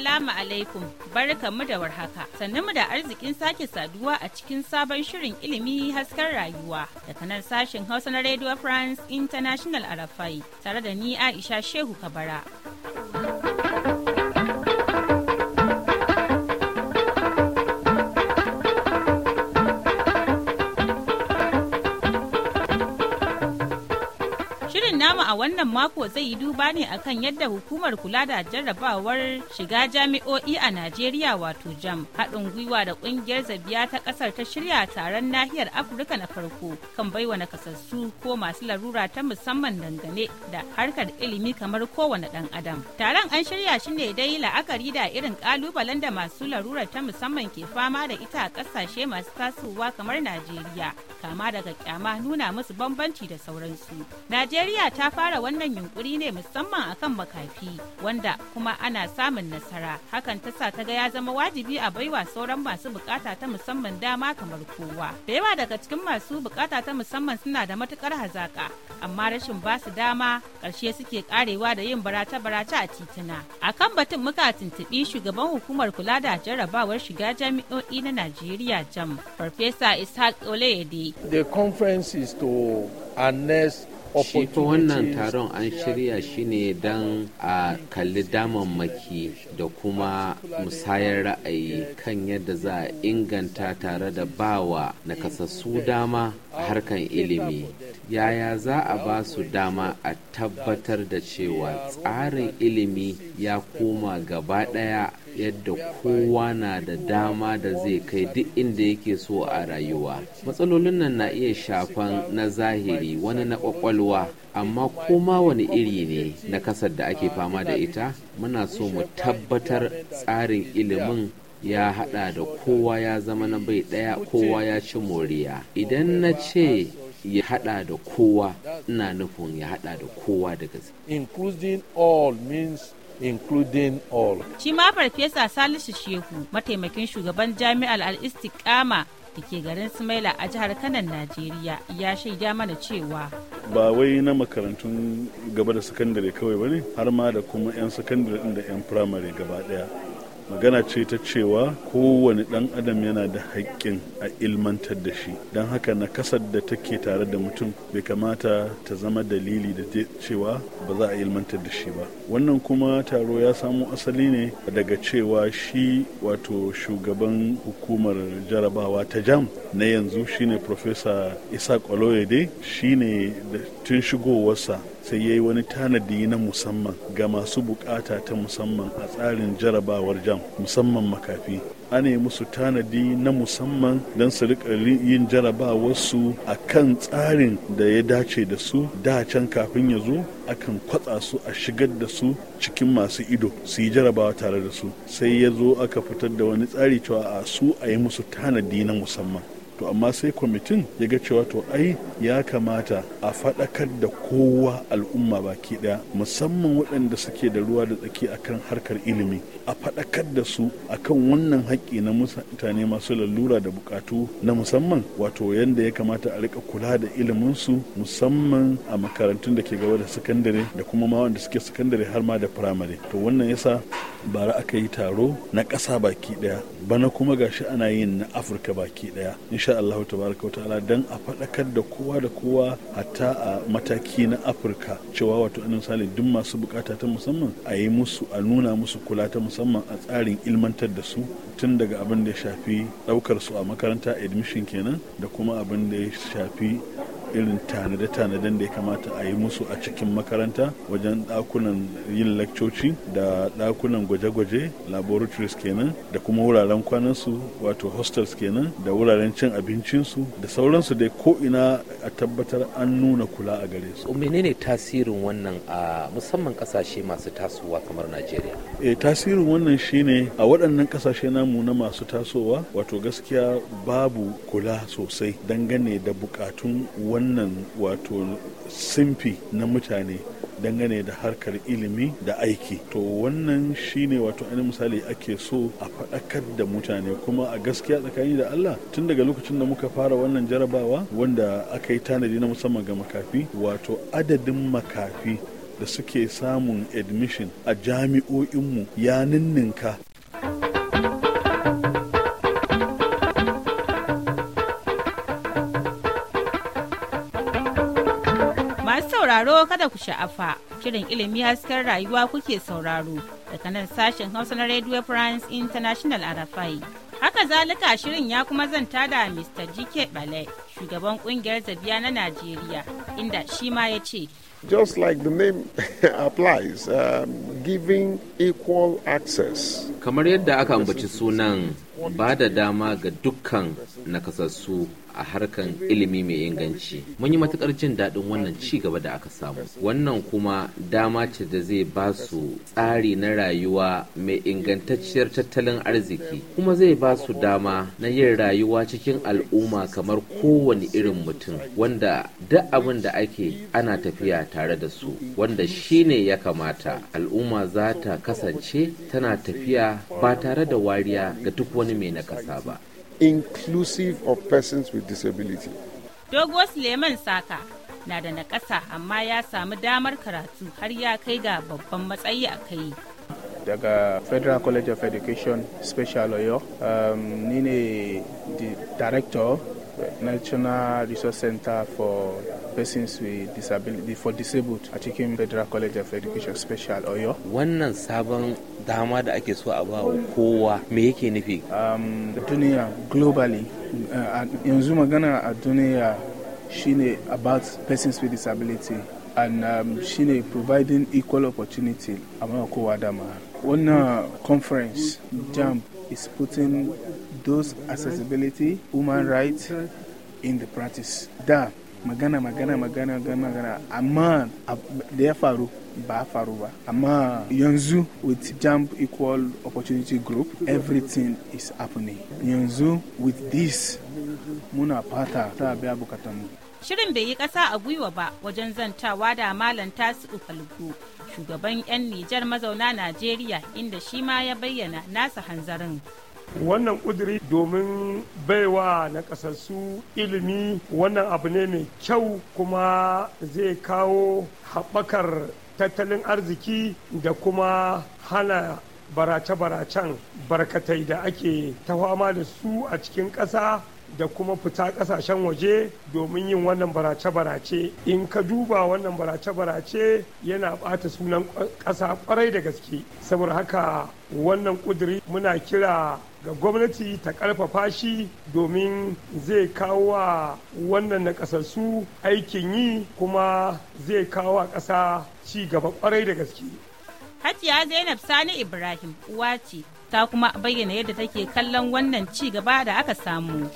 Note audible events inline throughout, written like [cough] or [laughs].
Assalamu alaikum mu da warhaka sannan mu da arzikin sake saduwa a cikin sabon shirin ilimi hasken rayuwa daga nan sashen Hausa na Radio France International Arafai tare da ni Aisha Shehu Kabara. a wannan mako zai yi duba ne akan yadda hukumar kula da jarrabawar shiga jami'o'i a Najeriya wato jam haɗin gwiwa da ƙungiyar zabiya ta ƙasar ta shirya taron nahiyar Afirka na farko kan baiwa nakasassu ko masu larura ta musamman dangane da harkar ilimi kamar kowane ɗan adam. Taron an shirya shi ne dai la'akari da irin ƙalubalen da masu larura ta musamman ke fama da ita a ƙasashe masu tasowa kamar Najeriya kama daga kyama nuna musu bambanci da sauransu. Najeriya ta fara wannan yunkuri ne musamman akan makafi wanda kuma ana samun nasara hakan ta sa ta ga ya zama wajibi a baiwa sauran masu bukata ta musamman dama kamar kowa da yawa daga cikin masu bukata ta musamman suna da matukar hazaka amma rashin ba su dama ƙarshe suke karewa da yin barace-barace a titina kan batun muka tuntuɓi shugaban hukumar kula da jarrabawar shiga jami'o'i na najeriya jam farfesa ishaq oleyede the conference is to annex shi wannan taron an shirya shi ne don a kalli damammaki da kuma musayar ra'ayi kan yadda za a inganta tare da bawa nakasassu dama a harkan ilimi yaya za a ba su dama a tabbatar da cewa tsarin ilimi ya koma gaba ɗaya yadda kowa na da dama da zai kai duk inda yake so a rayuwa matsalolin nan na iya shafan na zahiri wani na kwakwalwa amma koma wani iri ne na kasar da ake fama da ita muna so mu tabbatar tsarin ilimin ya hada da kowa ya zama na bai daya kowa ya ci moriya idan na ce ya hada da kowa ina nufin ya hada da kowa da gaske all means including all. Shi ma Farfesa Salisu Shehu, mataimakin shugaban jami'ar al istikama da ke garin Sumaila a jihar Kanan, Najeriya, ya shaida mana cewa. Ba wai na makarantun gaba da sakandare kawai ba ne, har ma da kuma 'yan sakandare da 'yan firamare gaba ɗaya. magana ce ta cewa kowane ɗan adam yana da haƙƙin a ilmantar da shi don haka na kasar da take tare da mutum bai kamata ta zama dalili da cewa ba za a ilmantar da shi ba wannan kuma taro ya samo asali ne daga cewa shi wato shugaban hukumar jarabawa ta jam na yanzu shine profesa isa shi shine tun shigowarsa sai ya yi wani tanadi na musamman ga masu bukata ta musamman a tsarin jarabawar jam musamman makafi ana yi musu tanadi na musamman don su rika yin jarabawarsu a kan tsarin da ya dace da su da can kafin ya zo akan kwatsa su a shigar da su cikin masu ido su yi jarabawa tare da su sai ya zo aka fitar da wani tsari cewa a su a yi musu tanadi na musamman to amma sai kwamitin ya ga cewa to ai ya kamata a faɗakar da kowa al'umma baki ɗaya musamman waɗanda suke da ruwa da tsaki akan harkar ilimi a faɗakar da su akan wannan haƙƙi na mutane masu lalura da buƙatu na musamman wato yanda ya kamata a rika kula da iliminsu musamman a makarantun da ke gaba da sakandare da kuma ma wanda suke sakandare har ma da firamare to wannan yasa bara aka yi taro na ƙasa baki ɗaya bana kuma gashi ana yin na afirka baki ɗaya insha Allah tabaraka wa ta'ala dan a faɗakar da kowa da kowa hatta a mataki na Afirka cewa wato annabi misali duk masu bukata ta musamman a yi musu a nuna musu kula ta musamman a tsarin ilmantar da su tun daga abin da ya shafi ɗaukar su a makaranta admission kenan da kuma abin da ya shafi irin tanade-tanaden da ya kamata a yi musu a cikin makaranta wajen ɗakunan yin lakcoci da ɗakunan gwaje-gwaje laboratories kenan da kuma wuraren kwanansu wato hostels kenan da wuraren cin abincinsu da sauransu dai koina a tabbatar an nuna kula a gare su. menene tasirin wannan a musamman kasashe masu tasowa kamar najeriya Eh tasirin wannan shine a waɗannan ƙasashe namu na masu tasowa wato gaskiya babu kula sosai dangane da bukatun wani wannan wato simfi na mutane dangane da harkar ilimi da aiki to wannan shine wato ainihin misali ake so a faɗakar da mutane kuma a gaskiya tsakani da Allah tun daga lokacin da muka fara wannan jarabawa wanda aka yi tanadi na musamman ga makafi wato adadin makafi da suke samun admission a jami'o'inmu ya ninninka kada ku sha'afa shirin ilimi hasken rayuwa kuke sauraro daga nan sashen hausa na radio france international a rafai haka zalika shirin ya kuma zanta da mr GK bale shugaban kungiyar zabiya na najeriya inda shi ma ya ce just like the name [laughs] applies um, giving equal access kamar yadda aka ambaci sunan ba da dama ga dukkan nakasassu a harkan ilimi mai inganci mun yi matukar jin daɗin wannan ci gaba da aka samu wannan kuma dama ce da zai ba su tsari na rayuwa mai ingantacciyar tattalin arziki kuma zai ba su dama na yin rayuwa cikin al'umma kamar kowane irin mutum wanda duk abin da ake ana tafiya tare da su wanda shine ya kamata al'umma za ta kasance tana tafiya ba tare da wariya ga duk wani mai nakasa ba inclusive of persons with disability. Dogo Suleiman Saka na da ƙasa amma ya samu damar karatu har ya kai ga babban matsayi a kai. daga federal college of education special oyo um, ni ne director national resource center for persons with disability for disabled a cikin Federal College of Education Special Oyo. Wannan sabon dama da ake so a ba kowa me yake nufi? Um, duniya globally uh, yanzu magana a duniya shine about persons with disability and um, shine providing equal opportunity among kowa dama. Wannan conference jam is putting those accessibility, human rights in the practice. Da magana magana magana magana amma da ya faru ba faru ba amma yanzu with jump equal opportunity group everything is happening yanzu with this muna fata ta biya mu shirin bai yi ƙasa a gwiwa ba wajen zantawa da malam tasu ukalugu shugaban 'yan nijar mazauna najeriya inda shi ma ya bayyana nasa hanzarin wannan ƙudiri domin baiwa na ƙasassu ilimi wannan abu ne mai kyau kuma zai kawo haɓakar tattalin arziki da kuma hana barace-baracen barkatai da ake ta fama da su a cikin ƙasa da kuma fita kasashen waje domin yin wannan barace-barace in ka duba wannan barace-barace yana bata sunan ƙasa kwarai da gaske saboda haka wannan kuduri muna kira ga gwamnati ta ƙarfafa shi domin zai kawo wa wannan nakasassu aikin yi kuma zai kawo wa ƙasa ci gaba kwarai da gaske. Hajiya Zainab Sani Ibrahim uwa ta kuma bayyana yadda take kallon wannan ci gaba da aka samu.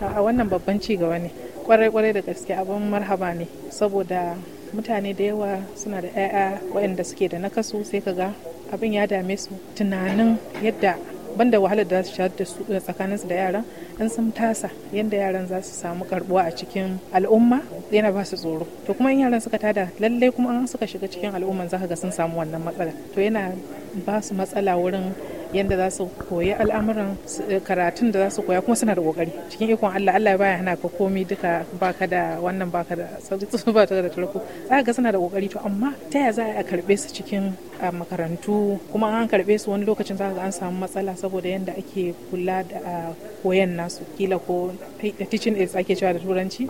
A wannan babban ci gaba ne, kwarai-kwarai da gaske abin marhaba ne, saboda mutane da yawa suna da 'ya'ya waɗanda suke da nakasu sai ka ga abin ya dame su tunanin yadda banda wahalar da za su shahar da su eh, tsakaninsu da yaran in sun tasa yadda yaran za su samu karbuwa a cikin al'umma yana ba su tsoro to kuma in yaran suka tada lallai kuma an suka shiga cikin al'umma za ka ga sun samu wannan matsala to yana ba su matsala wurin yadda za su koyi al'amuran eh, karatun da za su koya kuma suna da kokari cikin ikon Allah Allah baya hana ka komi duka baka da wannan baka da [laughs] ba ta da tarko za ka ga suna da kokari to amma ta ya za a karbe su cikin a makarantu kuma an karɓe su wani lokacin za ga an samu matsala saboda yadda ake kula da koyan nasu kila ko teaching aids ake cewa da turanci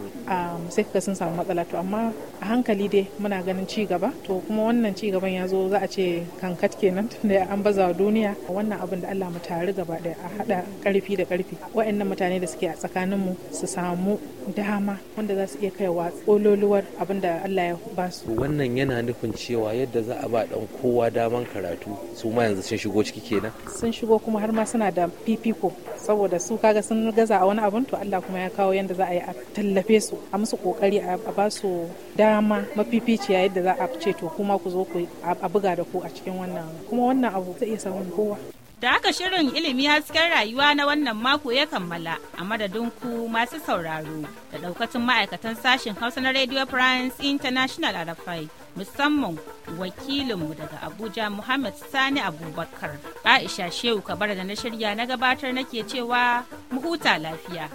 sai kaga sun samu matsala to amma a hankali dai muna ganin ci gaba to kuma wannan ci gaban ya zo za a ce kankat kenan [laughs] tunda an baza duniya wannan abin da Allah mu tare gaba daya a hada karfi da karfi waɗannan mutane da suke a tsakanin mu su samu dama wanda za su iya kaiwa tsololuwar abin da Allah ya ba su wannan yana nufin cewa yadda za a ba dan kowa kowa daman karatu su ma yanzu sun shigo ciki kenan sun shigo kuma har ma suna da fifiko saboda su kaga sun gaza a wani abun to Allah kuma ya kawo yanda za a yi a tallafe su a musu kokari a ba su dama mafificiya yadda za a ce to kuma ku zo ku a buga da ku a cikin wannan kuma wannan abu zai iya samun kowa Da haka shirin ilimi hasken rayuwa na wannan mako ya kammala a madadin ku masu sauraro da daukacin ma'aikatan sashen Hausa na Radio France International Arafai musamman wakilinmu daga Abuja Muhammad Sani Abubakar. Aisha Shehu Kabar da na shirya na gabatar nake cewa mu huta lafiya.